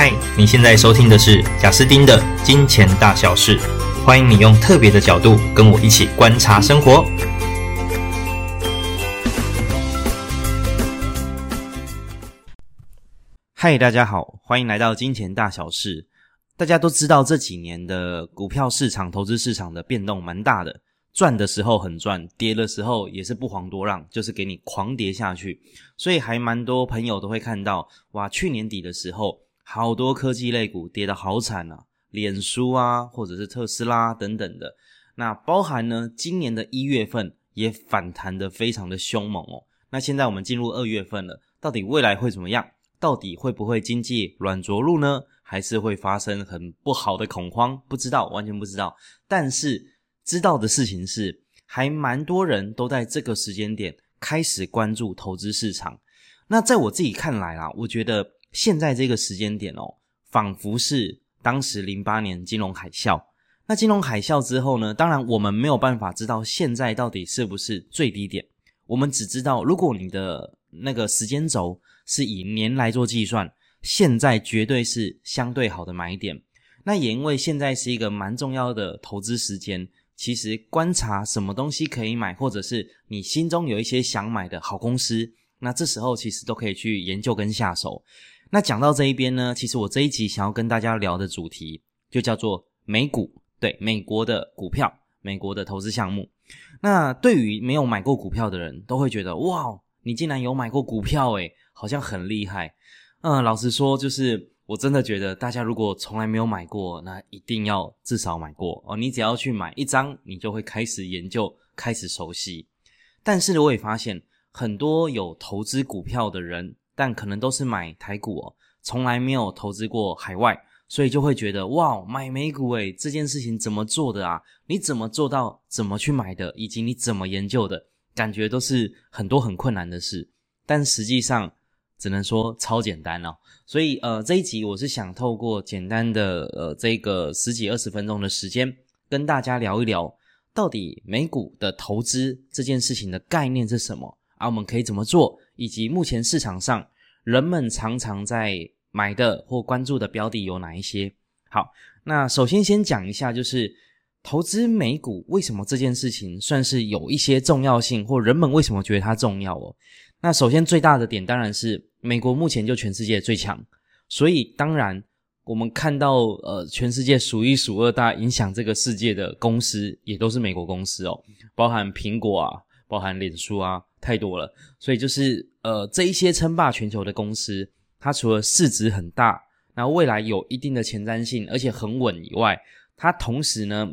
嗨，你現在收聽的是賈斯汀的《金錢大小事》，歡迎你用特別的角度跟我一起觀察生活。嗨，大家好，歡迎來到《金錢大小事》。大家都知道這幾年的股票市場、投資市場的變動蠻大的，賺的時候很賺，跌的時候也是不遑多讓，就是給你狂跌下去。所以還蠻多朋友都會看到，哇，去年底的時候。好多科技類股跌得好慘啊，臉書啊，或者是特斯拉啊，等等的，那包含呢，今年的一月份也反彈得非常的凶猛哦。那現在我們進入二月份了，到底未來會怎麼樣？到底會不會經濟軟着陸呢？還是會發生很不好的恐慌？不知道，完全不知道。但是知道的事情是，還蠻多人都在這個時間點開始關注投資市場。那在我自己看來啊，我覺得。現在這個時間點哦，仿佛是當時零八年金融海嘯。那金融海嘯之後呢？當然，我們沒有辦法知道現在到底是不是最低點。我們只知道，如果你的那個時間軸是以年來做計算，現在絕對是相對好的買點。那也因為現在是一個蠻重要的投資時間，其實觀察什麼東西可以買，或者是你心中有一些想買的好公司，那這時候其實都可以去研究跟下手。那講到這一邊呢，其實我這一集想要跟大家聊的主題，就叫做美股，對，美國的股票、美國的投資項目。那對於沒有買過股票的人都會覺得，哇，你竟然有買過股票，哎，好像很厲害。嗯、呃，老實說，就是我真的覺得，大家如果從來沒有買過，那一定要至少買過哦。你只要去買一張，你就會開始研究、開始熟悉。但是呢，我也發現很多有投資股票的人。但可能都是買台股哦，從來沒有投資過海外，所以就會覺得，哇，買美股誒，這件事情怎麼做的啊？你怎麼做到？怎麼去買的？以及你怎麼研究的？感覺都是很多很困難的事。但實際上，只能說超簡單哦。所以呃，這一集我是想透過簡單的呃這個十幾二十分鐘的時間，跟大家聊一聊，到底美股的投資這件事情的概念是什麼啊？我們可以怎麼做？以及目前市場上，人們常常在買的或關注的標的有哪一些？好，那首先先講一下，就是投資美股為什麼這件事情算是有一些重要性，或人們為什麼覺得它重要哦？那首先最大的點當然是美國目前就全世界最強，所以當然我們看到，呃，全世界數一數二大影響這個世界的公司，也都是美國公司哦，包含蘋果啊。包含臉書啊，太多了，所以就是呃這一些稱霸全球的公司，它除了市值很大，然後未來有一定的前瞻性，而且很穩以外，它同時呢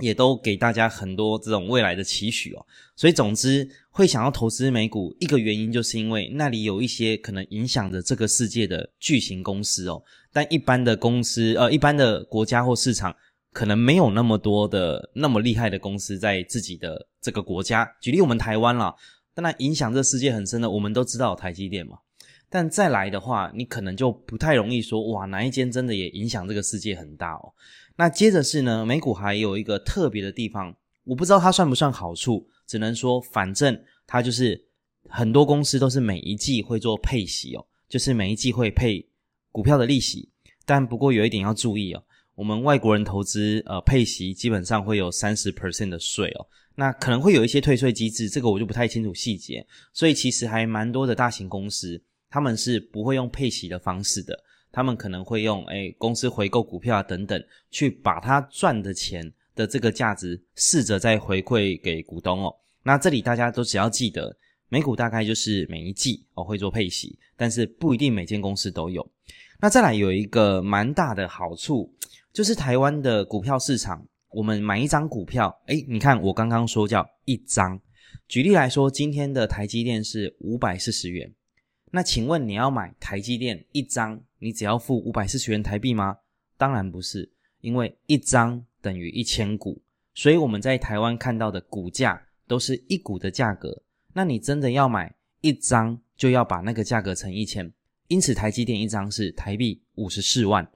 也都給大家很多這種未來的期許哦。所以總之會想要投資美股，一個原因就是因為那裡有一些可能影響着這個世界的巨型公司哦，但一般的公司呃，一般的國家或市場。可能沒有那麼多的那麼厲害的公司在自己的這個國家，舉例我們台灣啦，當然影響這世界很深的，我們都知道台積電嘛。但再來的話，你可能就不太容易說哇，哪一間真的也影響這個世界很大哦。那接着是呢，美股還有一個特別的地方，我不知道它算不算好處，只能說反正它就是很多公司都是每一季會做配息哦，就是每一季會配股票的利息。但不過有一點要注意哦。我們外國人投資呃、配息基本上會有三十 percent 的稅哦，那可能會有一些退稅機制，這個我就不太清楚細節，所以其實還蠻多的大型公司他們是不會用配息的方式的，他們可能會用誒、欸、公司回購股票啊等等，去把它賺的錢的這個價值試着再回饋給股東哦。那這裡大家都只要記得，美股大概就是每一季哦，會做配息，但是不一定每間公司都有。那再來有一個蠻大的好處。就是台灣的股票市場，我們買一張股票，哎、欸，你看我剛剛說叫一張。舉例來說，今天的台積電是五百四十元，那請問你要買台積電一張，你只要付五百四十元台幣嗎？當然不是，因為一張等於一千股，所以我們在台灣看到的股價都是一股的價格。那你真的要買一張，就要把那個價格乘一千，因此台積電一張是台幣五十四萬。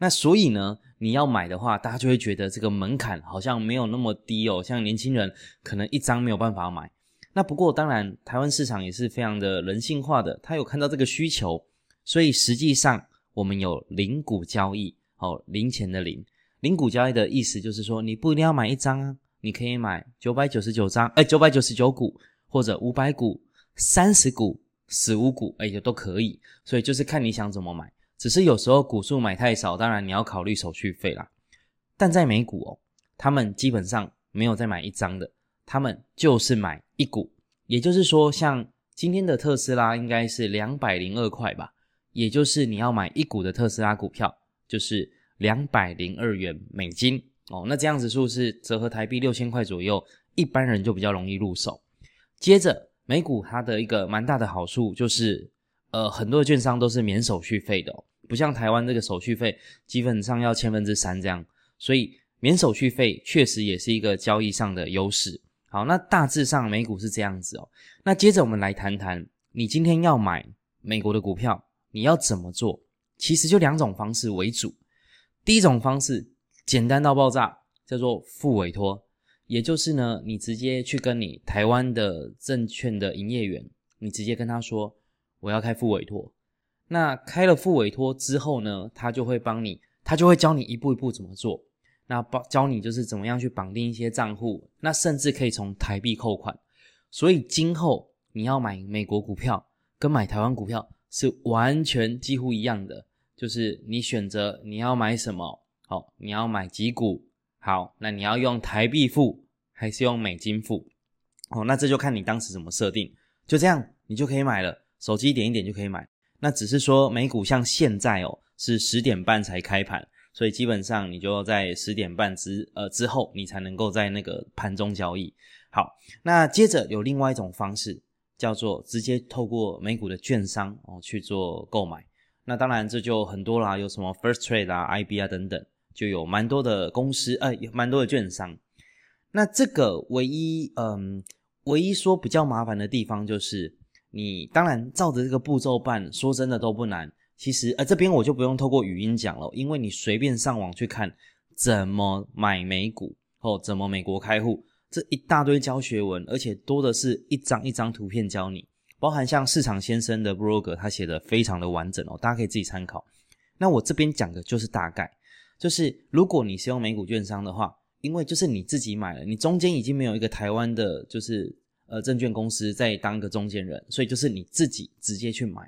那所以呢？你要買的話，大家就會覺得這個門檻好像沒有那麼低哦。像年輕人可能一張沒有辦法買，那不過當然，台灣市場也是非常的人性化的，他有看到這個需求，所以實際上我們有零股交易，哦，零錢的零，零股交易的意思就是說，你不一定要買一張，啊，你可以買九百九十九張，哎，九百九十九股或者五百股、三十股、十五股，哎，就都可以，所以就是看你想怎麼買。只是有時候股數買太少，當然你要考慮手續費啦。但在美股哦，他們基本上沒有再買一張的，他們就是買一股。也就是說，像今天的特斯拉應該是兩百零二塊吧，也就是你要買一股的特斯拉股票就是兩百零二元美金哦，那這樣子數是折合台幣六千塊左右，一般人就比較容易入手。接着，美股它的一個蠻大的好處就是。呃，很多的券商都是免手續費的哦，不像台灣這個手續費基本上要千分之三這樣，所以免手續費確實也是一個交易上的優勢。好，那大致上美股是這樣子哦。那接着我們來談談，你今天要買美國的股票，你要怎麼做？其實就兩種方式為主。第一種方式簡單到爆炸，叫做複委託，也就是呢，你直接去跟你台灣的證券的營業員，你直接跟他說。我要開複委託，那開了複委託之後呢，他就會幫你，他就會教你一步一步怎麼做。那幫教你就是怎麼樣去綁定一些賬戶，那甚至可以從台幣扣款。所以今後你要買美國股票，跟買台灣股票是完全幾乎一樣的，就是你選擇你要買什麼，好、哦，你要買幾股，好，那你要用台幣付還是用美金付？哦，那這就看你當時怎麼設定。就這樣，你就可以買了。手機點一點就可以買，那只是說美股像現在哦，是十點半才開盤，所以基本上你就要在十點半之、呃、之後，你才能夠在那個盤中交易。好，那接着有另外一種方式，叫做直接透過美股的券商哦去做購買。那當然這就很多啦，有什麼 First Trade 啊、IB 啊等等，就有蠻多的公司，呃，有蠻多的券商。那這個唯一嗯，唯一說比較麻煩的地方就是。你當然照着這個步驟辦，說真的都不難。其實，呃，這邊我就不用透過語音講了，因為你隨便上網去看怎麼買美股或、哦、怎麼美國開戶，這一大堆教學文，而且多的是一張一張圖片教你，包含像市場先生的 blog，他寫得非常的完整哦，大家可以自己參考。那我這邊講的就是大概，就是如果你是用美股券商的話，因為就是你自己買了，你中間已經沒有一個台灣的，就是。呃，證券公司再當個中間人，所以就是你自己直接去買。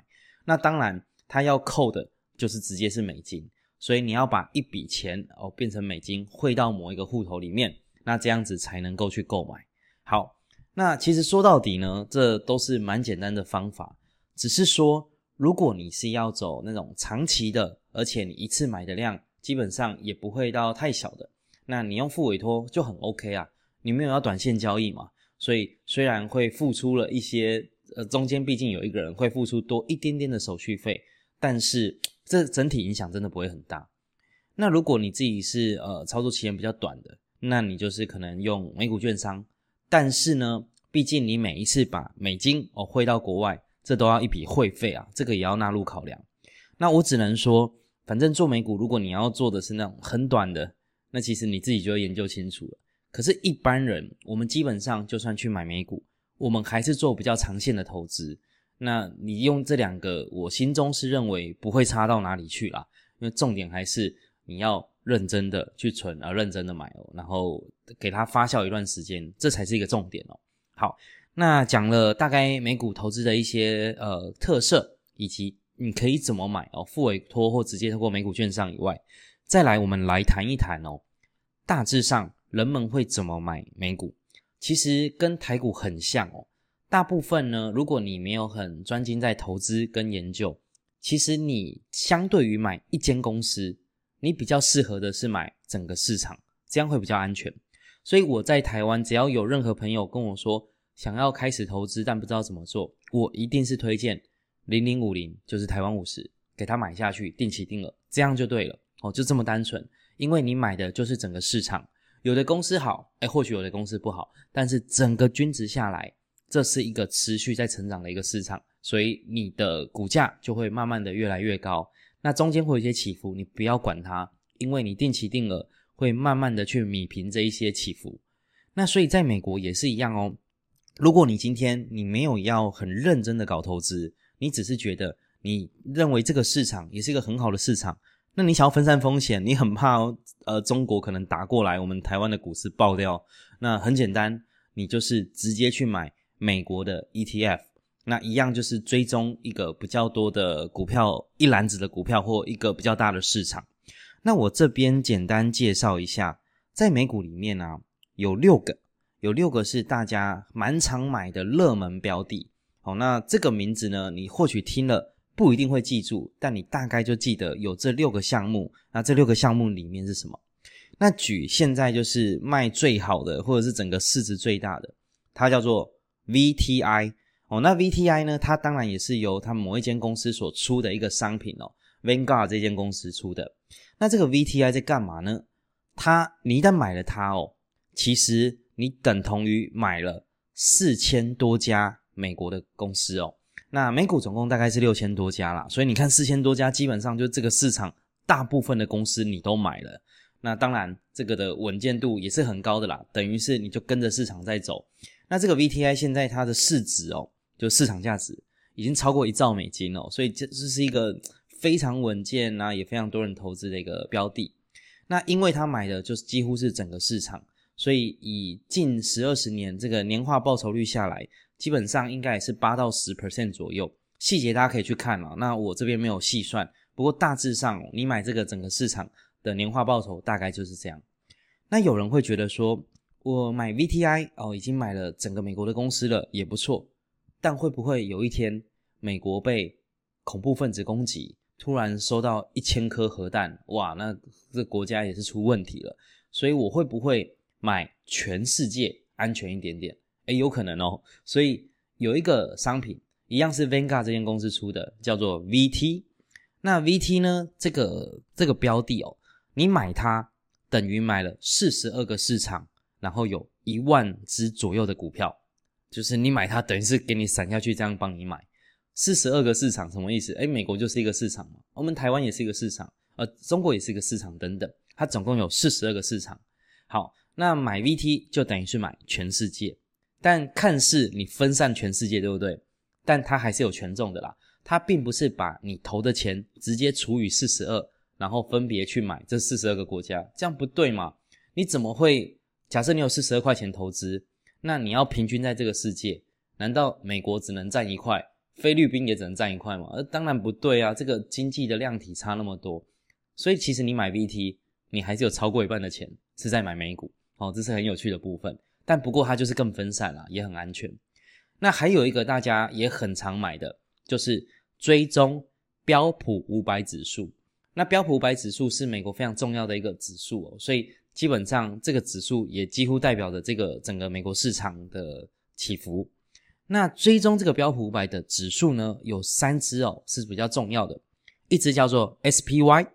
那當然，他要扣的就是直接是美金，所以你要把一筆錢哦變成美金匯到某一個戶頭裡面，那這樣子才能夠去購買。好，那其實說到底呢，這都是蠻簡單的方法，只是說如果你是要走那種長期的，而且你一次買的量基本上也不會到太小的，那你用複委託就很 OK 啊。你沒有要短線交易嘛？所以雖然會付出了一些，呃，中間畢竟有一個人會付出多一點點的手續費，但是這整體影響真的不會很大。那如果你自己是呃操作期限比較短的，那你就是可能用美股券商，但是呢，畢竟你每一次把美金哦，呃，匯到國外，這都要一筆匯費啊，這個也要納入考量。那我只能說，反正做美股，如果你要做的是那種很短的，那其實你自己就要研究清楚了。可是，一般人我們基本上就算去買美股，我們還是做比較長線的投資。那你用這兩個，我心中是認為不會差到哪裡去啦。因為重點還是你要認真的去存，而、啊、認真的買哦、喔，然後給它發酵一段時間，這才是一個重點哦、喔。好，那講了大概美股投資的一些呃特色，以及你可以怎麼買哦、喔，複委託或直接透過美股券商以外，再來我們來談一談哦、喔，大致上。人們會怎麼買美股？其實跟台股很像哦。大部分呢，如果你沒有很專精在投資跟研究，其實你相對於買一間公司，你比較適合的是買整個市場，這樣會比較安全。所以我在台灣，只要有任何朋友跟我說想要開始投資，但不知道怎麼做，我一定是推薦零零五零，就是台灣五十，給他買下去，定期定額，這樣就對了哦，就這麼單純，因為你買的就是整個市場。有的公司好，哎，或許有的公司不好，但是整個均值下來，這是一個持續在成長的一個市場，所以你的股價就會慢慢的越來越高。那中間會有一些起伏，你不要管它，因為你定期定額會慢慢的去弭平這一些起伏。那所以在美國也是一樣哦。如果你今天你沒有要很認真的搞投資，你只是覺得你認為這個市場也是一個很好的市場。那你想要分散風險，你很怕呃中國可能打過來，我們台灣的股市爆掉。那很簡單，你就是直接去買美國的 ETF，那一樣就是追蹤一個比較多的股票，一籃子的股票或一個比較大的市場。那我這邊簡單介紹一下，在美股裡面呢、啊，有六個，有六個是大家蠻常買的熱門標的。好，那這個名字呢，你或許聽了。不一定會記住，但你大概就記得有這六個項目。那這六個項目裡面是什麼？那舉現在就是賣最好的，或者是整個市值最大的，它叫做 VTI 哦。那 VTI 呢，它當然也是由它某一間公司所出的一個商品哦，Vanguard 這間公司出的。那這個 VTI 在幹嘛呢？它你一旦買了它哦，其實你等同於買了四千多家美國的公司哦。那美股總共大概是六千多家啦，所以你看四千多家，基本上就這個市場大部分的公司你都買了。那當然這個的穩健度也是很高的啦，等於是你就跟着市場在走。那這個 VTI 現在它的市值哦、喔，就市場價值已經超過一兆美金哦、喔，所以這這是一個非常穩健啊，也非常多人投資的一個標的。那因為它買的就是幾乎是整個市場，所以以近十、二十年這個年化報酬率下來，基本上應該也是八到十 percent 左右，細節大家可以去看哦，那我這邊沒有細算，不過大致上，你買這個整個市場的年化報酬大概就是這樣。那有人會覺得說，我買 VTI 哦，已經買了整個美國的公司了，也不錯。但會不會有一天美國被恐怖分子攻擊，突然收到一千顆核彈，哇，那這國家也是出問題了。所以我會不會買全世界安全一點點？哎，有可能哦。所以有一個商品，一樣是 Vanguard 這間公司出的，叫做 VT。那 VT 呢？這個這個標的哦，你買它等於買了四十二個市場，然後有一萬隻左右的股票。就是你買它，等於是給你散下去，這樣幫你買四十二個市場，什麼意思？誒，美國就是一個市場嘛，我們台灣也是一個市場，呃，中國也是一個市場等等，它總共有四十二個市場。好，那買 VT 就等於是買全世界。但看似你分散全世界，對不對？但它還是有權重的啦。它並不是把你投的錢直接除以四十二，然後分別去買這四十二個國家，這樣不對嘛？你怎麼會？假設你有四十二塊錢投資，那你要平均在這個世界，難道美國只能占一塊，菲律賓也只能占一塊嗎？呃，當然不對啊，這個經濟的量體差那麼多，所以其實你買 VT，你還是有超過一半的錢是在買美股。哦，這是很有趣的部分。但不過它就是更分散了啊，也很安全。那還有一個大家也很常買的，就是追蹤標普五百指數。那標普五百指數是美國非常重要的一個指數哦，所以基本上這個指數也幾乎代表着這個整個美國市場的起伏。那追蹤這個標普五百的指數呢，有三隻哦，是比較重要的，一隻叫做 SPY，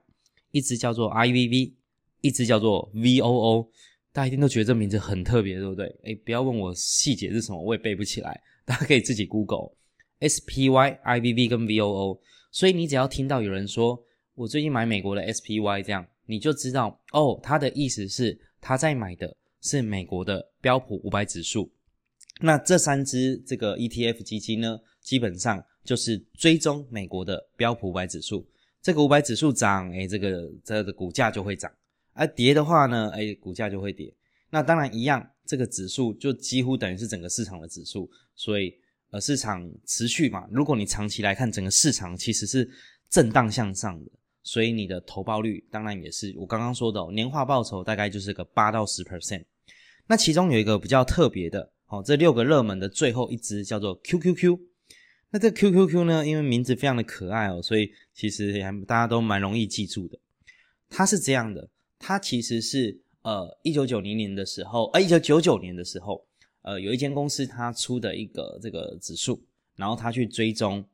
一隻叫做 IVV，一隻叫做 VOO。大家一定都覺得這名字很特別，對不對？哎，不要問我細節是什麼，我也背不起來。大家可以自己 Google SPY、IVV 跟 VOO。所以你只要聽到有人說我最近買美國的 SPY，這樣你就知道哦，他的意思是他在買的是美國的標普五百指數。那這三隻這個 ETF 基金呢，基本上就是追蹤美國的標普五百指數。這個五百指數漲，哎，這個這個股價就會漲。而跌的話呢，哎，股價就會跌。那當然一樣，這個指數就幾乎等於是整個市場的指數。所以，呃，市場持續嘛，如果你長期來看，整個市場其實是震盪向上的。所以你的投報率當然也是我剛剛說的哦，年化報酬大概就是個八到十 percent。那其中有一個比較特別的，哦，這六個熱門的最後一支叫做 QQQ。那這個 QQQ 呢，因為名字非常的可愛哦，所以其實也還大家都蠻容易記住的。它是這樣的。它其實是呃，一九九零年的時候，呃，一九九九年的時候，呃，有一間公司它出的一個這個指數，然後他去追蹤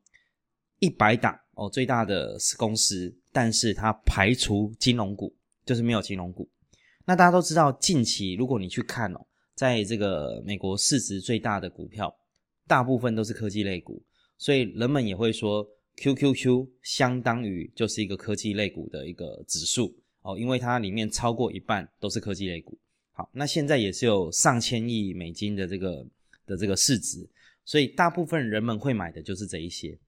一百檔哦，最大的公司，但是它排除金融股，就是沒有金融股。那大家都知道，近期如果你去看哦，在這個美國市值最大的股票，大部分都是科技類股，所以人們也會說 QQQ 相當於就是一個科技類股的一個指數。哦，因為它裡面超過一半都是科技類股，好，那現在也是有上千億美金的這個的這個市值，所以大部分人們會買的就是這一些，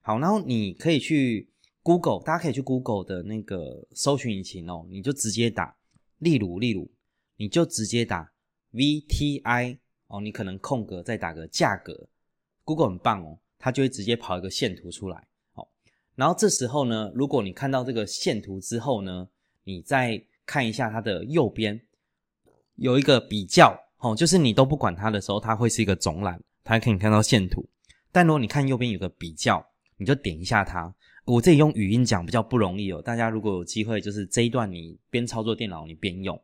好，然後你可以去 Google，大家可以去 Google 的那個搜尋引擎哦，你就直接打，例如例如，你就直接打 VTI 哦，你可能空格再打個價格，Google 很棒哦，它就會直接跑一個線圖出來，好，然後這時候呢，如果你看到這個線圖之後呢，你再看一下它的右邊有一個比較哦，就是你都不管它的時候，它會是一個總覽，它可以看到線圖。但如果你看右邊有個比較，你就點一下它。我這裡用語音講比較不容易哦，大家如果有機會，就是這一段你邊操作電腦你邊用，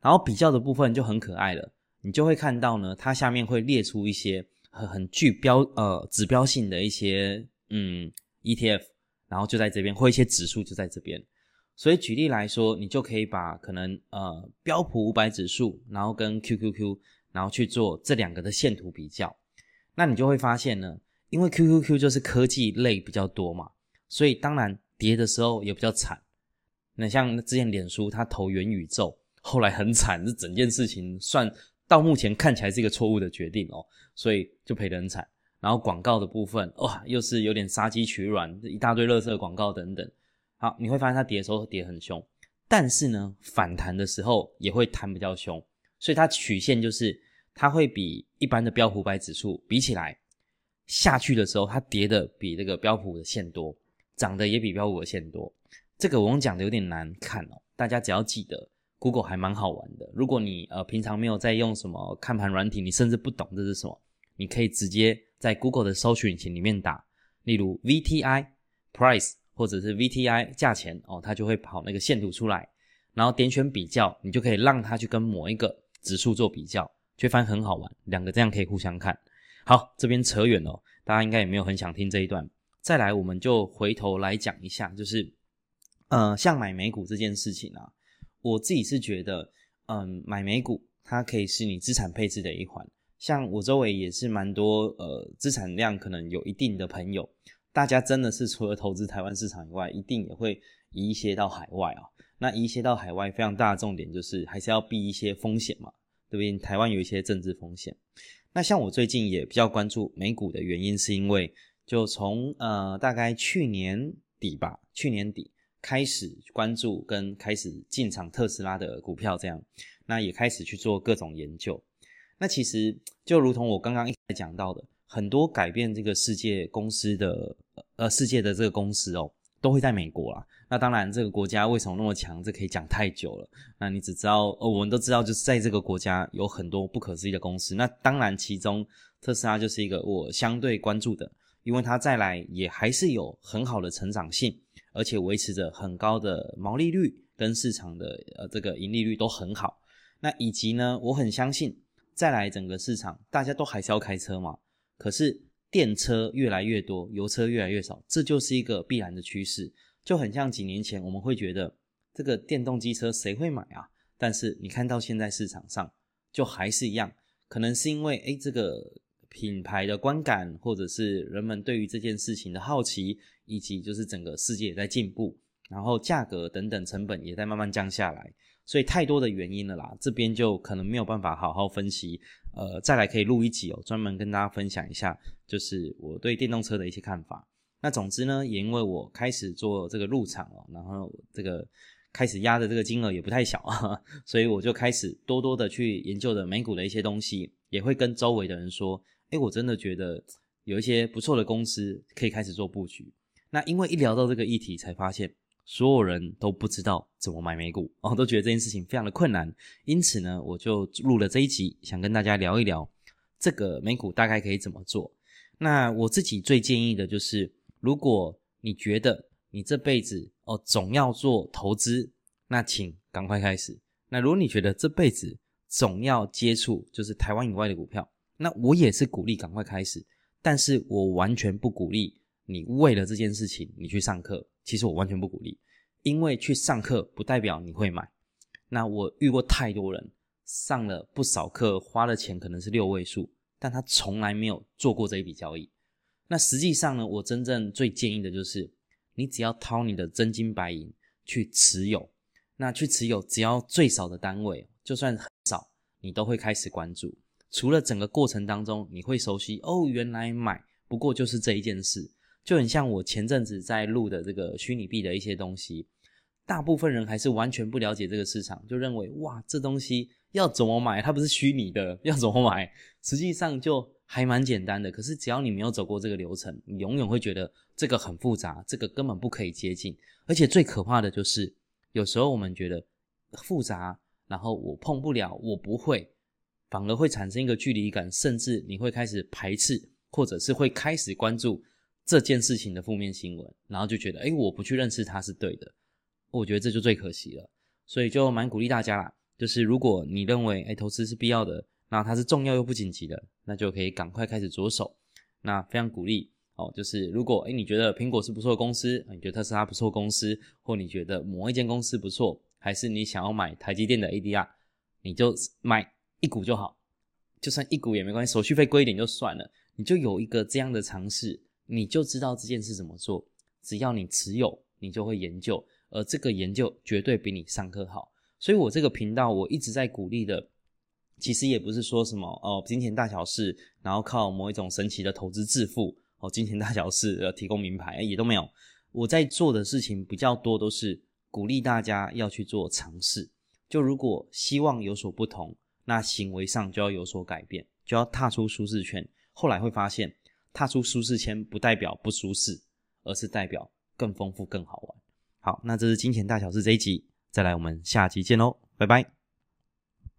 然後比較的部分就很可愛了，你就會看到呢，它下面會列出一些很很具標呃指標性的一些嗯 ETF，然後就在這邊，或一些指數就在這邊。所以舉例來說，你就可以把可能呃標普五百指數，然後跟 QQQ，然後去做這兩個的線圖比較，那你就會發現呢，因為 QQQ 就是科技類比較多嘛，所以當然跌的時候也比較慘。那像之前臉書它投元宇宙，後來很慘，這整件事情算到目前看起來是一個錯誤的決定哦，所以就賠得很慘。然後廣告的部分哇，又是有點殺雞取卵，一大堆垃圾廣告等等。好，你會發現它跌的時候會跌很兇，但是呢，反彈的時候也會彈比較兇，所以它曲線就是它會比一般的標普五百指數比起來，下去的時候它跌的比這個標普的線多，漲的也比標普的線多。這個我講的有點難看哦，大家只要記得，Google 還蠻好玩的。如果你呃平常沒有在用什麼看盤軟體，你甚至不懂這是什麼，你可以直接在 Google 的搜尋引擎裡面打，例如 VTI price。或者是 VTI 價錢哦，它就會跑那個線圖出來，然後點選比較，你就可以讓它去跟某一個指數做比較，就反正很好玩，兩個這樣可以互相看。好，這邊扯遠了，大家應該也沒有很想聽這一段。再來，我們就回頭來講一下，就是，呃，像買美股這件事情啊，我自己是覺得，嗯、呃，買美股它可以是你資產配置的一環，像我周圍也是蠻多呃資產量可能有一定的朋友。大家真的是除了投資台灣市場以外，一定也會移一些到海外啊。那移一些到海外，非常大的重點就是還是要避一些風險嘛，對不對？台灣有一些政治風險。那像我最近也比較關注美股的原因，是因為就從呃大概去年底吧，去年底開始關注跟開始進場特斯拉的股票這樣，那也開始去做各種研究。那其實就如同我剛剛一直講到的。很多改變這個世界公司的，呃，世界的這個公司哦，都會在美國啦，那當然，這個國家為什麼那麼強？這可以講太久了。那你只知道，呃，我們都知道，就是在這個國家有很多不可思議的公司。那當然，其中特斯拉就是一個我相對關注的，因為它再來也還是有很好的成長性，而且維持着很高的毛利率跟市場的呃這個盈利率都很好。那以及呢，我很相信再來整個市場，大家都還是要開車嘛。可是電車越來越多，油車越來越少，這就是一個必然的趨勢。就很像幾年前，我們會覺得這個電動機車誰會買啊？但是你看到現在市場上，就還是一樣。可能是因為，誒，這個品牌的觀感，或者是人們對於這件事情的好奇，以及就是整個世界也在進步，然後價格等等成本也在慢慢降下來。所以太多的原因了啦，這邊就可能沒有辦法好好分析。呃，再來可以錄一集哦，專門跟大家分享一下，就是我對電動車的一些看法。那總之呢，也因為我開始做這個入場哦，然後這個開始押的這個金額也不太小啊，所以我就開始多多的去研究了美股的一些東西，也會跟周圍的人說，哎、欸，我真的覺得有一些不錯的公司可以開始做布局。那因為一聊到這個議題，才發現。所有人都不知道怎麼買美股哦，都覺得這件事情非常的困難。因此呢，我就錄了這一集，想跟大家聊一聊這個美股大概可以怎麼做。那我自己最建議的就是，如果你覺得你這輩子哦，總要做投資，那請趕快開始。那如果你覺得這輩子總要接觸，就是台灣以外的股票，那我也是鼓勵趕快開始。但是我完全不鼓勵你為了這件事情你去上課。其實我完全不鼓勵，因為去上課不代表你會買。那我遇過太多人，上了不少課，花的錢可能是六位數，但他從來沒有做過這一筆交易。那實際上呢，我真正最建議的就是，你只要掏你的真金白銀去持有，那去持有只要最少的單位，就算很少，你都會開始關注。除了整個過程當中你會熟悉，哦，原來買不過就是這一件事。就很像我前陣子在錄的這個虛擬幣的一些東西，大部分人還是完全不了解這個市場，就認為哇，這東西要怎麼買？它不是虛擬的，要怎麼買？實際上就還蠻簡單的。可是只要你沒有走過這個流程，你永遠會覺得這個很複雜，這個根本不可以接近。而且最可怕的就是，有時候我們覺得複雜，然後我碰不了，我不會，反而會產生一個距離感，甚至你會開始排斥，或者是會開始關注這件事情的負面新聞，然後就覺得，誒我不去認識他是對的，我覺得這就最可惜了。所以就蠻鼓勵大家啦，就是如果你認為，誒投資是必要的，那它是重要又不緊急的，那就可以趕快開始着手。那非常鼓勵，哦，就是如果，哎，你覺得蘋果是不錯的公司，你覺得特斯拉不錯的公司，或你覺得某一間公司不錯，還是你想要買台積電的 ADR，你就買一股就好，就算一股也沒關係，手續費貴一點就算了，你就有一個這樣的嘗試。你就知道這件事怎麼做。只要你持有，你就會研究，而這個研究絕對比你上課好。所以我這個頻道，我一直在鼓勵的，其實也不是說什麼哦，金錢大小事，然後靠某一種神奇的投資致富哦，金錢大小事，呃，提供明牌也都沒有。我在做的事情比較多，都是鼓勵大家要去做嘗試。就如果希望有所不同，那行為上就要有所改變，就要踏出舒適圈。後來會發現。踏出舒適圈不代表不舒適，而是代表更豐富、更好玩。好，那這是金錢大小事這一集，再來我們下集見嘍，拜拜。